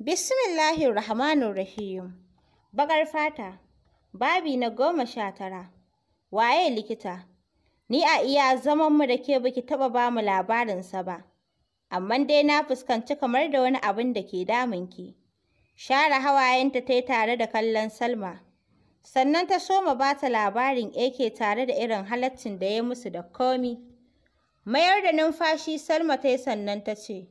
Bismillahirrahmanirrahim. Bagar fata. Babi na goma sha tara. Waye likita? Ni a iya zaman mu da ke baki taɓa ba mu labarinsa ba. Amma dai na fuskanci kamar da wani abin da ke damun damunki. Share hawayenta ta yi tare da kallon Salma. Sannan ta soma ba ta labarin AK tare da irin halaccin da ya musu da komi. Mayar da numfashi Salma ta yi sannan ta ce,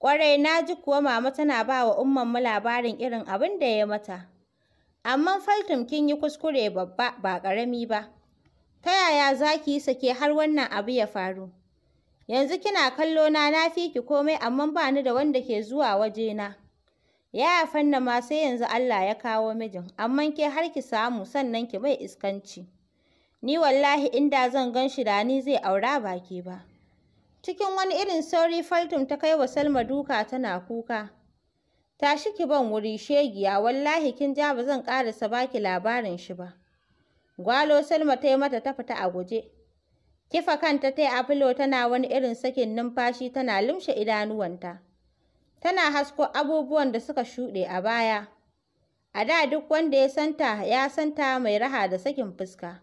Kwarai na ji kuwa mama tana ba wa ummanmu labarin irin abin da ya mata. Amma Faltum kin yi kuskure babba ba ƙarami ba. Ta yaya za ki yi sake har wannan abu ya faru? Yanzu kina kallo na na fi ki komai amma ba ni da wanda ke zuwa wajena. Yaya fanna ma sai yanzu Allah ya kawo mijin, amma ke har ki samu sannan ki mai iskanci. Ni wallahi inda zan gan shi da ni zai aura baki ba. Cikin wani irin sauri Faltum ta kai wa Salma duka tana kuka. Tashi ki ban wuri shegiya wallahi kin ja ba zan ƙarasa baki labarin shi ba. Gwalo Salma ta yi mata ta fita a guje. Kifa kanta ta yi a filo tana wani irin sakin numfashi tana lumshe idanuwanta. Tana hasko abubuwan da suka shuɗe a baya. A da duk wanda ya santa ya santa mai raha da sakin fuska.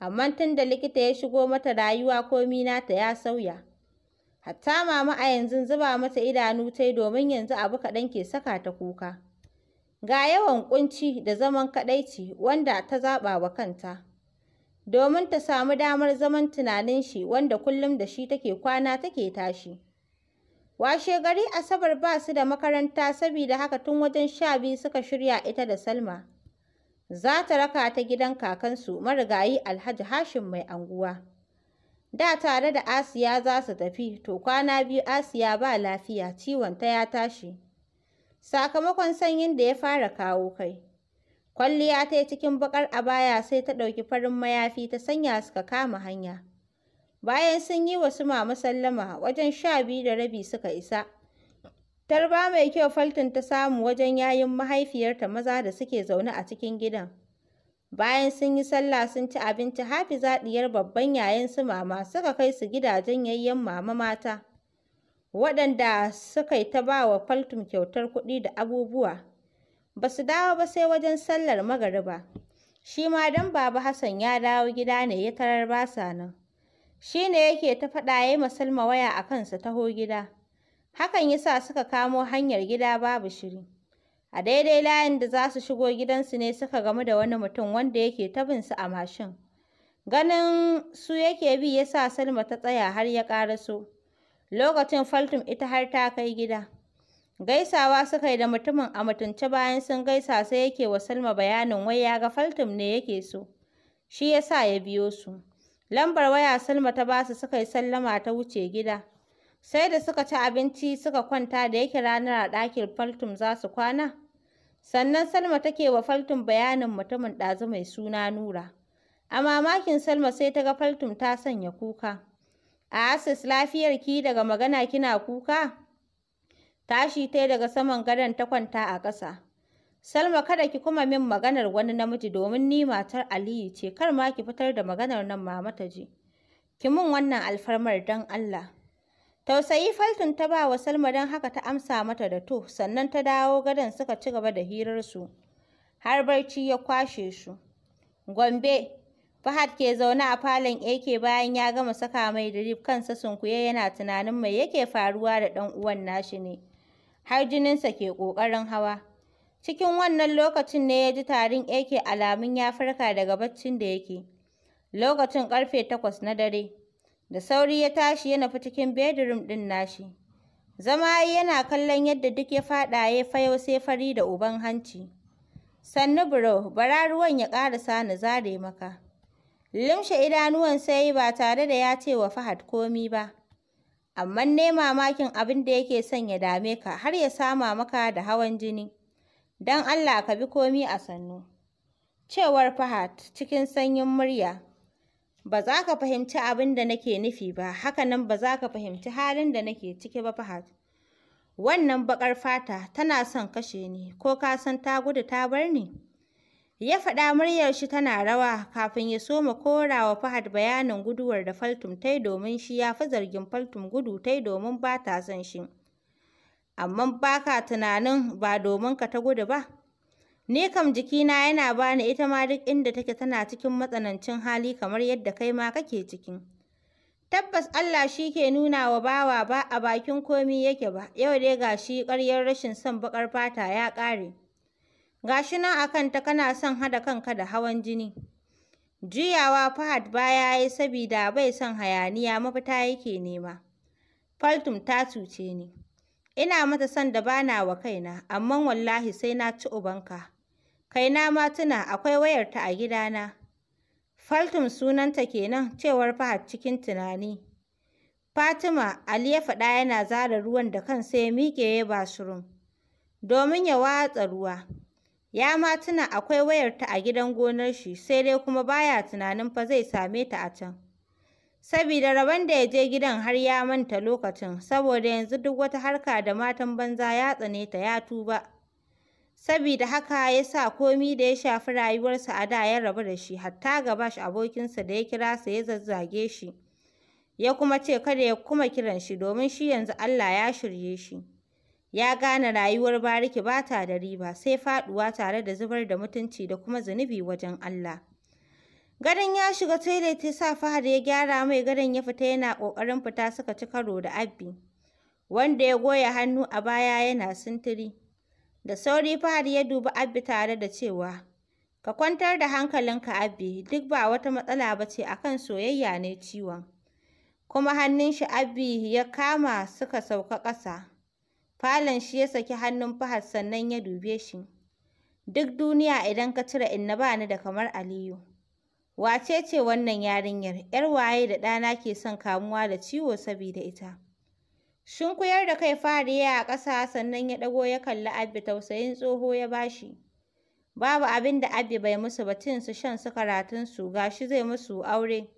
Amma tun da likita ya shigo mata rayuwa komi nata ya sauya. Hatta mama a yanzu zuba mata idanu tai domin yanzu abu kaɗan ke saka ta kuka. Ga yawan ƙunci da zaman kaɗaici wanda ta zaɓa wa kanta. Domin ta samu damar zaman tunanin shi wanda kullum da shi take kwana take tashi. Washe gari Asabar ba su da makaranta saboda haka tun wajen sha biyu suka shirya ita da Salma. Za ta raka ta gidan kakansu marigayi Alhaji Hashim mai anguwa. Da tare da Asiya za su tafi, to kwana biyu Asiya ba lafiya, ciwon ta ya tashi. Sakamakon sanyin da ya fara kawo kai. Kwalliya ta yi cikin bakar baya sai ta ɗauki farin mayafi ta sanya suka kama hanya. Bayan sun yi wa su mama sallama wajen sha biyu da rabi suka isa. Tarba mai kyau Faltin ta samu wajen yayin mahaifiyarta maza da suke zaune a cikin gidan. Bayan sun yi sallah sun ci abinci Hafiza ɗiyar babban yayan su mama suka kai su gidajen yayyen mama mata. Waɗanda suka yi ta ba wa Faltum kyautar kuɗi da abubuwa. Ba su dawo ba sai wajen sallar magariba. Shi ma don Baba Hassan ya dawo gida ne ya tarar ba sa nan. Shi ne yake ta faɗa ya yi Salma waya a kansa taho gida. Hakan ya sa suka kamo hanyar gida babu shiri. A daidai layin da za su shigo gidansu ne suka gamu da wani mutum wanda yake ta su a mashin. Ganin su yake bi ya sa Salma ta tsaya har ya ƙaraso. Lokacin Faltum ita har ta kai gida. Gaisawa suka yi da mutumin a mutunce bayan sun gaisa sai yake wa Salma bayanin wai ya ga Faltum ne yake so. Shi ya sa ya biyo su. Lambar waya Salma ta basu suka yi sallama ta wuce gida. Sai da suka ci abinci suka kwanta da yake ranar a ɗakin Faltum za su kwana. Sannan Salma take wa faltin bayanin mutumin ɗazu mai suna Nura. A mamakin Salma sai ta ga faltin ta sanya kuka. A Asis lafiyar ki daga magana kina kuka? Tashi ta daga saman gadon ta kwanta a ƙasa. Salma kada ki kuma min maganar wani namiji domin ni matar Aliyu ce kar ma ki fitar da maganar nan mama ta ji. Ki mun wannan alfarmar don Allah. Tausayi Faltun ta ba wa Salma don haka ta amsa mata da to, sannan ta dawo gadon suka ci gaba da hirarsu. Har barci ya kwashe su. Gombe, Fahad ke zaune a falon AK bayan ya gama saka mai drip kansa sunkuye yana tunanin mai yake faruwa da ɗan uwan nashi ne. Har jininsa ke ƙoƙarin hawa. Cikin wannan lokacin ne ya ji tarin AK alamun ya farka daga baccin da yake. Lokacin ƙarfe takwas na dare. Da sauri ya tashi ya nufi cikin bedroom ɗin nashi. Zama yana kallon yadda duk ya faɗa ya fayo sai fari da uban hanci. Sannu bro, bara ruwan ya ƙarasa ni zare maka. Limshe idanuwan sai ba tare da ya ce wa Fahad komi ba. Amma ne mamakin abin da yake son ya dame ka har ya sama maka da hawan jini. Don Allah ka bi komi a sannu. Cewar Fahad cikin sanyin murya. ba za ka fahimci abin da nake nufi ba hakanan ba za ka fahimci halin da nake ciki ba fahad wannan baƙar fata tana son kashe ni ko ka san ta gudu ta bar ni ya faɗa muryar shi tana rawa kafin ya soma korawa fahad bayanin guduwar da faltum tai domin shi ya fi zargin faltum gudu tai domin ba ta son shi amma ba ka tunanin ba domin ka ta gudu ba Ni kam jikina yana bani ita ma duk inda take tana cikin matsanancin hali kamar yadda kai ma kake cikin. Tabbas Allah shi ke nuna wa bawa ba a bakin komi yake ba, yau dai ga shi ƙaryar rashin son baƙar fata ya ƙare. Ga shi nan a kanta kana son haɗa kanka da hawan jini. Juyawa Fahad baya ya yi sabida bai son hayaniya mafita yake nema. Faltum ta cuce ni. Ina mata son da bana wa kaina, amma wallahi sai na ci ubanka. Kai na ma tuna akwai wayarta a gidana. Faltum sunanta kenan cewar Fahad cikin tunani. Fatima Ali ya faɗa yana zara ruwan da kansa ya miƙe ya shirin. Domin ya watsa ruwa. Ya ma tuna akwai wayarta a gidan gonar shi sai dai kuma baya tunanin fa zai same ta a can. Sabida rabon da ya je gidan har ya manta lokacin saboda yanzu duk wata harka da matan banza ya tsane ta ya tuba. Sabida haka ya sa komi da ya shafi rayuwarsa a da ya rabu da shi, hatta ga Gabash abokinsa da ya kira sa ya zazzage shi, ya kuma ce kada ya kuma kiran shi domin shi yanzu Allah ya shirye shi. Ya gane rayuwar bariki ba ta da riba, sai faduwa tare da zubar da mutunci da kuma zunubi wajen Allah. Gadon ya shiga toilet ya sa Fahad ya gyara mai gadon ya fita yana ƙoƙarin fita suka ci karo da Abbi, wanda ya goya hannu a baya yana sintiri. Da sauri Fahad ya dubi Abbi tare da cewa, Ka kwantar da hankalinka abi duk ba wata matsala ba ce akan soyayya ne ciwon. Kuma hannun shi abi ya kama suka sauka ƙasa. Falon shi ya saki hannun Fahad sannan ya dube shi. Duk duniya idan ka cire inna ba ni da kamar Aliyu. Wace ce wannan yarinyar? ‘Yar waye da ɗana ke son kamuwa da ciwo saboda ita? Shinkuyar da kai fari ya a ƙasa sannan ya ɗago ya kalli Abbi tausayin tsoho ya bashi. Babu abin da Abbi bai musu ba cin su shan su karatun su shi zai musu aure.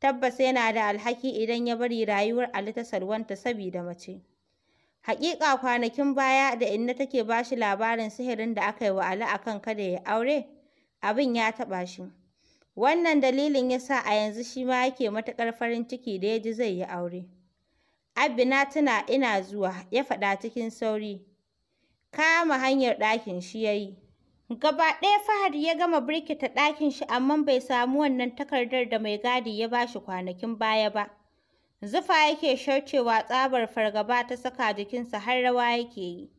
Tabbas yana da alhaki idan ya bari rayuwar Ali ta salwanta sabida mace. Haƙiƙa kwanakin baya da Inna take bashi labarin sihirin da aka yi wa Ali a kan kada ya yi aure, abin ya taɓa shi. Wannan dalilin ya sa a yanzu shi ma yake matuƙar farin ciki da ya ji zai yi aure. Abina na ina zuwa, ya faɗa cikin sauri. Kama hanyar ɗakin shi ya yi. Gaba ɗaya Fahad ya gama birkita ɗakin shi amma bai samu wannan takardar da mai gadi ya bashi kwanakin baya ba. Zufa yake sharcewa tsabar fargaba ta saka jikinsa har rawa yake yi.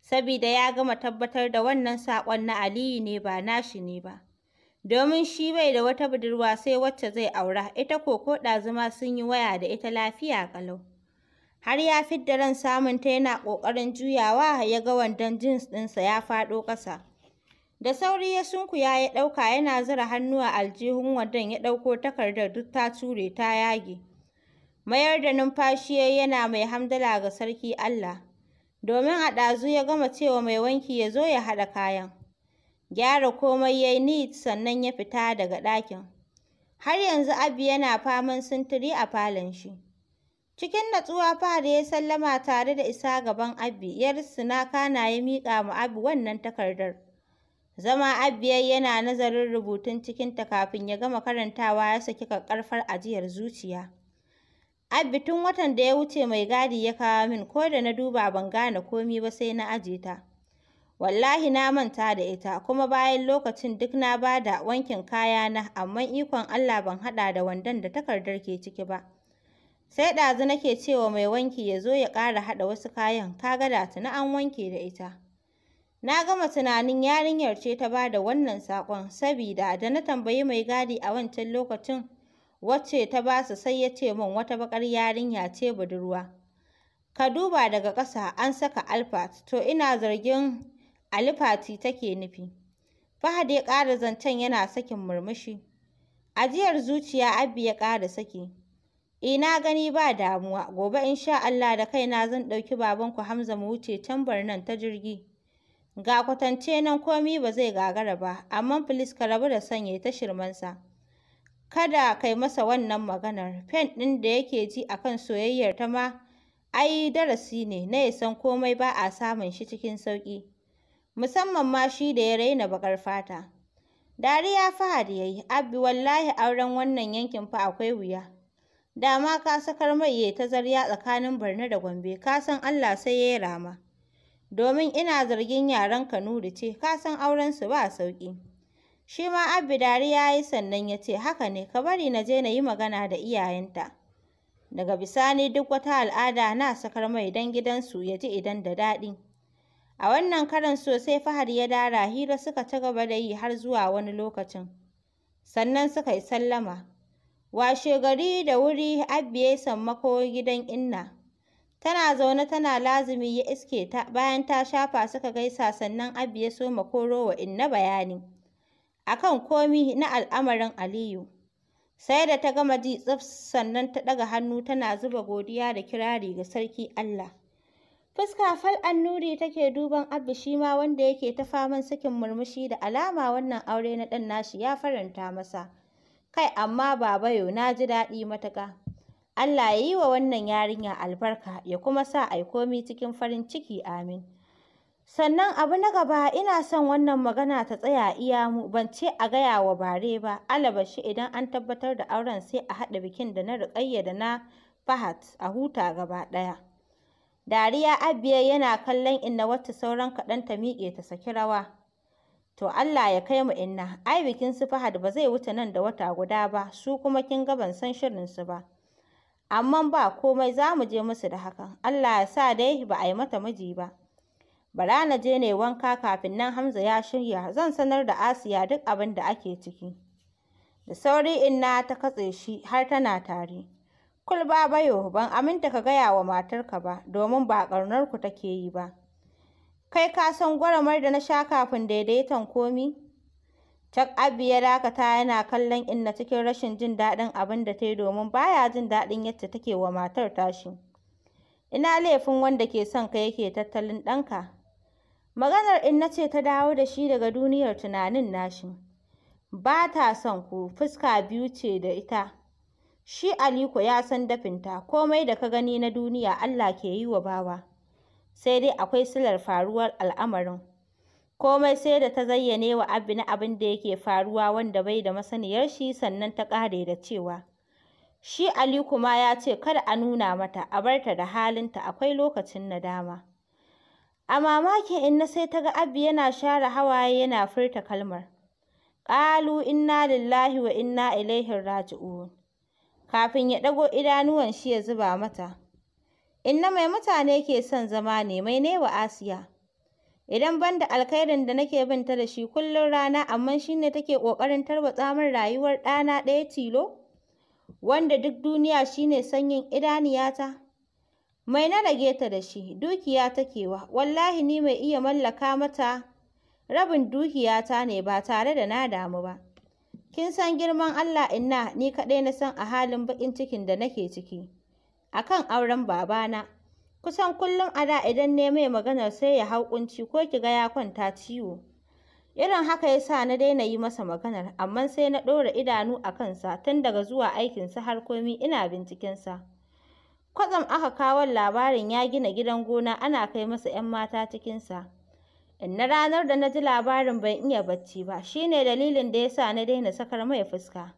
Sabida ya gama tabbatar da wannan saƙon na Aliyu ne ba nashi ne ba. Domin shi bai da wata budurwa sai wacce zai aura, ita ko ko ɗazuma sun yi waya da ita lafiya ƙalau. har ya fidda ran samun ta yana ƙoƙarin juyawa ya ga wandon jins ɗinsa ya faɗo ƙasa. Da sauri ya sunkuya ya ɗauka yana zura hannu a aljihun wandon ya ɗauko takardar duk ta ture ta yage. Mayar da numfashi yana mai hamdala ga sarki Allah. Domin a ɗazu ya gama cewa mai wanki ya zo ya haɗa kayan. Gyara komai ya yi sannan ya fita daga ɗakin. Har yanzu Abi yana faman sintiri a falon shi. Cikin natsuwa Fahad ya sallama tare da isa gaban Abbi, yar na kana ya miƙa ma Abbi wannan takardar. Zama Abbi yana nazarin rubutun cikinta kafin ya gama karantawa ya saki ƙarfar ajiyar zuciya. Abbi tun watan da ya wuce mai gadi ya kawo min ko da na duba ban gane komi ba sai na aje ta. Wallahi na manta da ita kuma bayan lokacin duk na bada wankin kayana amma ikon Allah ban haɗa da wandon da takardar ke ciki ba. Sai ɗazu nake cewa mai wanki ya zo ya ƙara haɗa wasu kayan, ka gada da tuni an wanke da ita. Na gama tunanin yarinyar ce ta bada wannan saƙon, sabida da na tambayi mai gadi a wancan lokacin wacce ta basu sai ya ce min wata baƙar yarinya ce budurwa. Ka duba daga ƙasa an saka Alfat, to ina zargin Alifati take nufi. Fahad ya ƙara zancen yana sakin murmushi. Ajiyar zuciya Abbi ya ƙara saki. Ina eh, gani ba damuwa, gobe insha Allah da kaina zan ɗauki babanku Hamza mu wuce can nan ta jirgi. Ga kwatance nan komi ba zai gagara ba, amma filis ka rabu da sanya ta shirmansa. Kada kai masa wannan maganar, fen ɗin da yake ji a kan soyayyar ta ma, ai darasi ne na ya san komai ba a samun shi cikin sauƙi. Musamman ma shi da ya raina baƙar fata. Dariya Fahad ya yi, Abbi wallahi auren wannan yankin fa akwai wuya. Da ma ka sakar mai ya ta zarya tsakanin Borno da Gombe, ka san Allah sai ya yi rama. Domin ina zargin yaren Kanuri ce, ka san aurensu ba sauki. Shi ma abu Dari ya yi sannan ya ce, haka ne, ka bari na je na yi magana da iyayenta. Daga bisani duk wata al'ada na sakar mai don gidansu ya ji idan da daɗi. A wannan karan sosai fahar ya dara hira suka ci gaba da yi har zuwa wani lokacin. Sannan suka yi sallama. Washegari da wuri Abba sammako gidan Inna. Tana zaune tana lazumi ya iske ta bayan ta shafa suka gaisa sannan Abba ya soma wa Inna bayani. Akan komi na al'amarin Aliyu. Sai da ta gama ji tsaf sannan ta ɗaga hannu tana zuba godiya da kirari ga sarki Allah. Fuska fal annuri take duban abu shi ma wanda yake ta faman sakin murmushi da alama wannan aure na ɗan nashi ya faranta masa. Kai amma Babayo na ji daɗi matuƙa. Allah ya yi wa wannan yarinya albarka ya kuma sa a komi cikin farin ciki amin. Sannan abu na gaba ina son wannan magana ta tsaya iya mu ban ce a gaya wa bare ba alabashi idan an tabbatar da auren sai a haɗa bikin da na riƙayya da na fahat a huta gaba ɗaya. Dariya Abiya yana kallon inna wacce sauran kaɗan ta miƙe ta saki rawa. To Allah ya kai mu inna, ai bikin su ba zai wuce nan da wata guda ba, su kuma kin ga ban san shirin su ba. Amma ba komai za mu je musu da hakan, Allah ya sa dai ba a yi mata miji ba. Bara na je ne wanka kafin nan Hamza ya shirya, zan sanar da Asiya duk abin da ake ciki. Da sauri inna ta katse shi har tana tari. Kul ba bayo, ban aminta ka gaya wa matarka ba, domin ba ƙaunarku take yi ba. kai ka san gwaramar da na sha kafin daidaiton komi cak ya dakata yana kallon Inna cikin rashin jin daɗin abin da ta yi domin baya jin daɗin yadda take wa matar tashi. Ina laifin wanda ke son ka yake tattalin ɗanka. Maganar Inna ce ta dawo da shi daga duniyar tunanin nashi. Ba ta son ku, fuska biyu ce da ita. Shi Aliko ya san dafinta, komai da ka gani na duniya Allah ke yi wa bawa. sai dai akwai silar faruwar al'amarin. Komai sai da ta zayyane wa abu na abin da yake faruwa wanda bai da masaniyar shi sannan ta ƙare da cewa shi Ali kuma ya ce kada a nuna mata a bar ta da halinta akwai lokacin nadama. A mamakin Inna sai ta ga abu yana share hawaye yana furta kalmar. Ƙalu inna lillahi wa inna ilaihin raji'un. Kafin ya ɗago idanuwan shi ya zuba mata. Inna mai mutane ke son zama ne mai ne wa Asiya. Idan ban da alkhairin da nake bin ta da shi kullum rana amma shi ne take ƙoƙarin tarwatsa min rayuwar ɗana ɗaya tilo, wanda duk duniya shi ne sanyin idaniyata. Mai na rage ta da shi, dukiya take wa, wallahi ni mai iya mallaka mata rabin dukiyata ne ba tare da na damu ba. Kin san girman Allah inna ni kaɗai na san a halin baƙin cikin da nake ciki. akan auren babana kusan kullum a da idan ne mai maganar sai ya hau ƙunci ko ki ga ya kwanta ciwo irin haka ya sa na daina yi masa maganar amma sai na ɗora idanu a kansa tun daga zuwa aikinsa har komi ina bincikinsa. kwatsam aka kawo labarin ya gina gidan gona ana kai masa 'yan mata cikinsa na ranar da na ji labarin ban iya bacci ba shine dalilin da ya sa na daina sakar mai fuska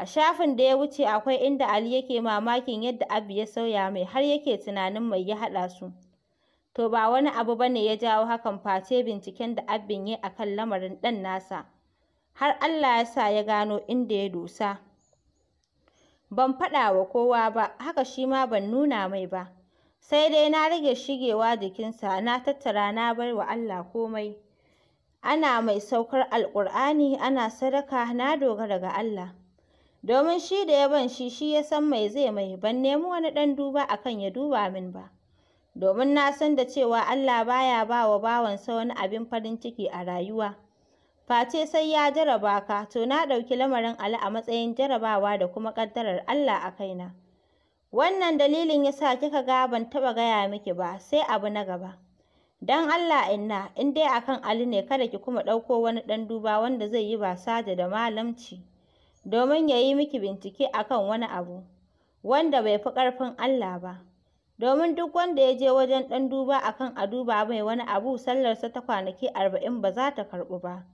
A shafin da ya wuce akwai inda Ali yake mamakin yadda Abby ya sauya mai har yake tunanin mai ya haɗa su. To ba wani abu ba ne ya jawo hakan face binciken da abin ya akan lamarin ɗan nasa. Har Allah ya sa ya gano inda ya dosa. Ban faɗa wa kowa ba, haka shi ma ban nuna mai ba. Sai dai na rage shigewa jikinsa, na tattara na bai wa Allah komai. Ana mai saukar Alƙur'ani, ana sadaka, na dogara ga Allah. domin shi da ya ban shi shi ya san mai zai mai ban nemi wani ɗan duba akan ya duba min ba domin na san da cewa Allah baya ba wa bawansa wani abin farin ciki a rayuwa face sai ya jaraba ka to na ɗauki lamarin Ali a matsayin jarabawa da kuma ƙaddarar Allah a kaina wannan dalilin ya sa kika ga ban taɓa gaya miki ba sai abu na gaba don Allah inna in dai akan Ali ne kada ki kuma ɗauko wani ɗan duba wanda zai yi ba saja da malamci domin ya yi miki bincike a kan wani abu wanda bai fi ƙarfin Allah ba. Domin duk wanda ya je wajen ɗan duba a kan a duba mai wani abu sallarsa ta kwanaki arba'in ba za ta karɓu ba.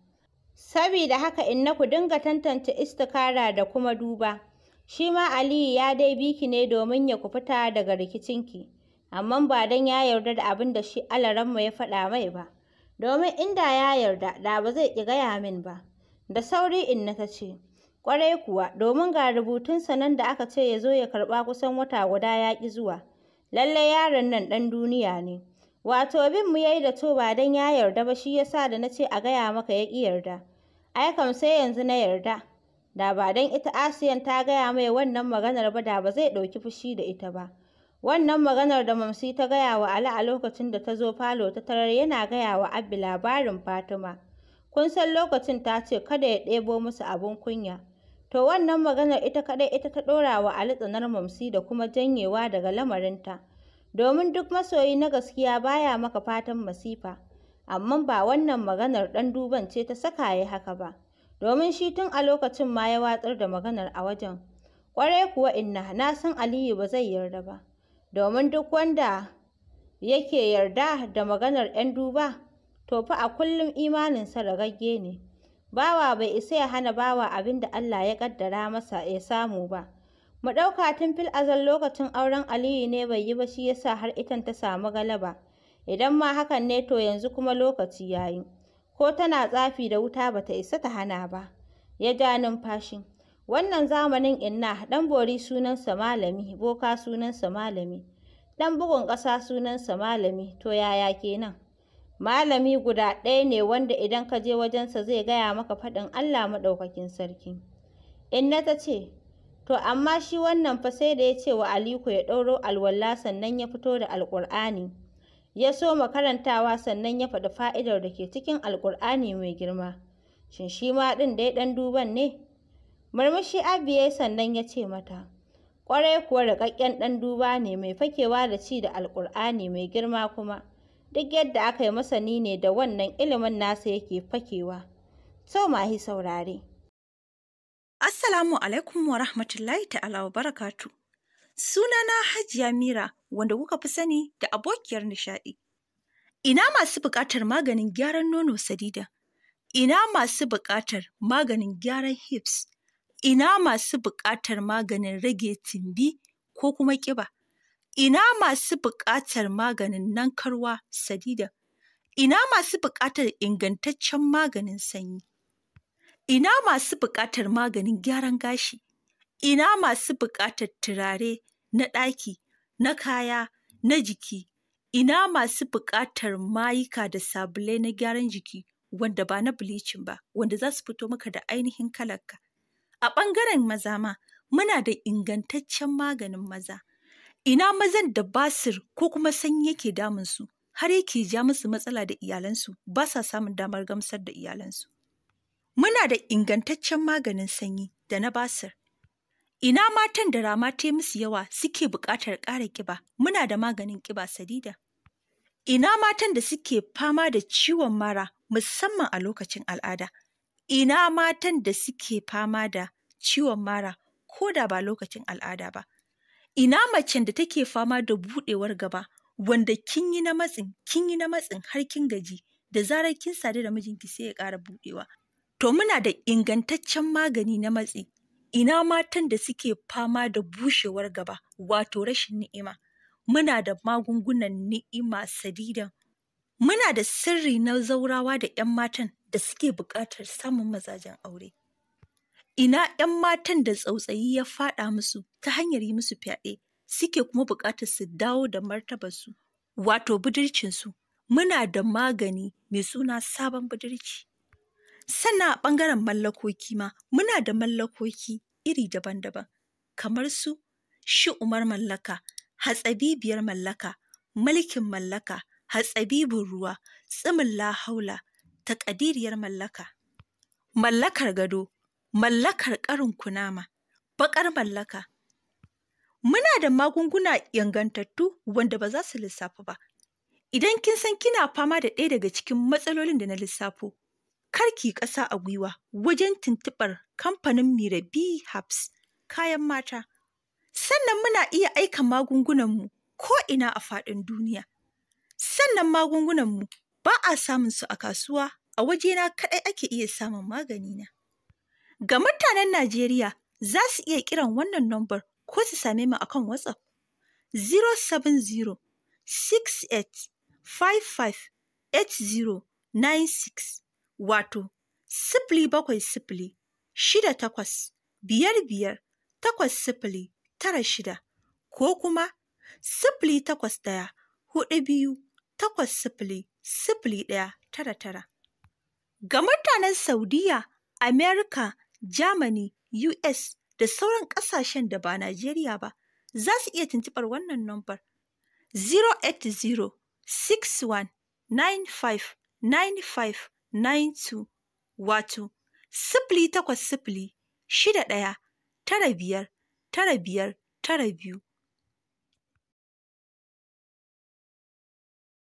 Sabida haka in na ku dinga tantance istikara da kuma duba. Shi ma Aliyu ya dai biki ne domin ya ku fita daga rikicinki, amma ba don ya yarda da abin da shi alaranmu ya faɗa mai ba. Domin inda ya yarda da ba zai ƙi gaya min ba. Da sauri inna ta ce, kwarai kuwa, domin ga rubutunsa nan da aka ce ya zo ya karɓa kusan wata guda ya ƙi zuwa. Lallai yaron nan ɗan duniya ne. Wato bin mu yayi da to ba dan ya yarda ba shi yasa da na ce a gaya maka ya ƙi yarda. Ai kam sai yanzu na yarda. Da ba dan ita Asiyan ta gaya mai wannan maganar ba da ba zai ɗauki fushi da ita ba. Wannan maganar da Mamsi ta gaya wa Ali a lokacin da ta zo falo ta tarar yana gaya wa Abbi labarin Fatima. Kun san lokacin ta ce kada ya ɗebo musu abin kunya. To wannan maganar ita kaɗai ita ta ɗora wa Ali tsanar mamsi da kuma janyewa daga lamarinta. Domin duk masoyi na gaskiya baya maka fatan masifa, amma ba wannan maganar ɗan duban ce ta saka ya haka ba. Domin shi tun a lokacin ma ya watsar da maganar a wajen. Ƙwarai kuwa inna na san Aliyu ba zai yarda ba. Domin duk wanda yake yarda da maganar ‘yan duba, to fa a kullum imaninsa ragagge ne. Bawa bai isa ya hana bawa abin da Allah ya ƙaddara masa ya samu ba. Mu ɗauka tun fil azal lokacin auren Aliyu ne bai yi ba shi yasa har itan ta samu galaba. Idan ma hakan ne to yanzu kuma lokaci ya yi. Ko tana tsafi da wuta ba ta isa ta hana ba. Ya ja numfashi. Wannan zamanin inna ɗan bori sunansa malami, boka sunansa malami, ɗan bugun ƙasa sunansa malami, to yaya kenan? malami guda ɗaya ne wanda idan ka je wajensa zai gaya maka faɗin Allah maɗaukakin sarki. Inna ta ce, To amma shi wannan fa sai da ya ce wa aliku ya ɗauro alwala sannan ya fito da Alƙur'ani. Ya so makarantawa sannan ya faɗi fa'idar da ke cikin Alƙur'ani mai girma. Shin shi ma ɗin ya ɗan duban ne? Murmushi Abiye sannan ya ce mata, Ƙwarai kuwa riƙaƙƙen ɗan duba ne mai fakewa da ci da Alƙur'ani mai girma kuma. duk yadda aka yi masani ne da wannan ilimin nasa yake fakewa. Sau mahi saurare. Assalamu alaikum wa rahmatullahi ta'ala wa barakatu. Sunana Hajiya Mira wanda kuka fi sani da abokiyar nishaɗi. Ina masu buƙatar maganin gyaran nono sadida. Ina masu buƙatar maganin gyaran hips. Ina masu buƙatar maganin rage tumbi ko kuma ƙiba. ina masu buƙatar maganin nankarwa sadida, ina masu buƙatar ingantaccen maganin sanyi, ina masu buƙatar maganin gyaran gashi, ina masu buƙatar turare na ɗaki, na kaya, na jiki, ina masu buƙatar mayuka da sabulai na gyaran jiki wanda ba na bleaching ba, wanda za su fito maka da ainihin kalarka. A ɓangaren maza ma, muna da ingantaccen maganin maza. Ina mazan da basir ko kuma sanyi yake damunsu har yake ja musu matsala da iyalansu ba sa samun damar gamsar da iyalansu. Muna da ingantaccen maganin sanyi da na basir. Ina matan da rama ta musu yawa suke buƙatar ƙara ƙiba muna da maganin ƙiba sadida. Ina matan da suke fama da ciwon mara musamman a lokacin al'ada. Ina matan da suke fama da ciwon mara ko da ba lokacin al'ada ba. Ina macen da take fama da buɗewar gaba, wanda kin yi na matsin, kin yi na matsin har kin gaji, da zarar kin sadu da mijinki sai ya ƙara buɗewa. To muna da ingantaccen magani na matsi, ina matan da suke fama da bushewar gaba, wato rashin ni'ima. Muna da magungunan ni'ima sadidan. Muna da sirri na zaurawa da 'yan matan da suke buƙatar samun mazajen aure. Ina ‘yan matan da tsautsayi ya faɗa musu ta hanyar yi musu fyaɗe suke kuma buƙatar su dawo da martabarsu, wato budurcinsu. Muna da magani mai suna sabon budurci. Sannan a ɓangaren mallakoki ma, muna da mallakoki iri daban-daban, kamar su shi umar mallaka, hatsabibiyar mallaka, mulkin mallaka, hatsabibin ruwa, tsimin lahaula, taƙadiriyar mallaka. Mallakar gado mallakar ƙarin kunama, baƙar mallaka. Muna da magunguna yangantattu wanda ba za su lissafu ba. Idan kin san kina fama da ɗaya daga cikin matsalolin da na lissafo, kar ki ƙasa a gwiwa wajen tuntuɓar kamfanin Mirabi Habs kayan mata. Sannan muna iya aika magungunanmu ko ina a faɗin duniya. Sannan magungunanmu ba a samun su a kasuwa, a wajena kaɗai ake iya samun magani na. Ga mutanen Najeriya za su iya kiran wannan nambar ko su same mu akan WhatsApp 070 68 55 8096 wato sifili bakwai sifili shida takwas biyar tara shida ko kuma sifili takwas ɗaya hudu biyu takwas sifili sifili ɗaya tara tara. Ga mutanen Saudiya, Amerika Germany, US da sauran ƙasashen da ba Najeriya ba za su iya tuntuɓar wannan nombar 08061959592 61 95 95 wato sifili takwas sifili shida ɗaya tara biyar tara biyar tara biyu.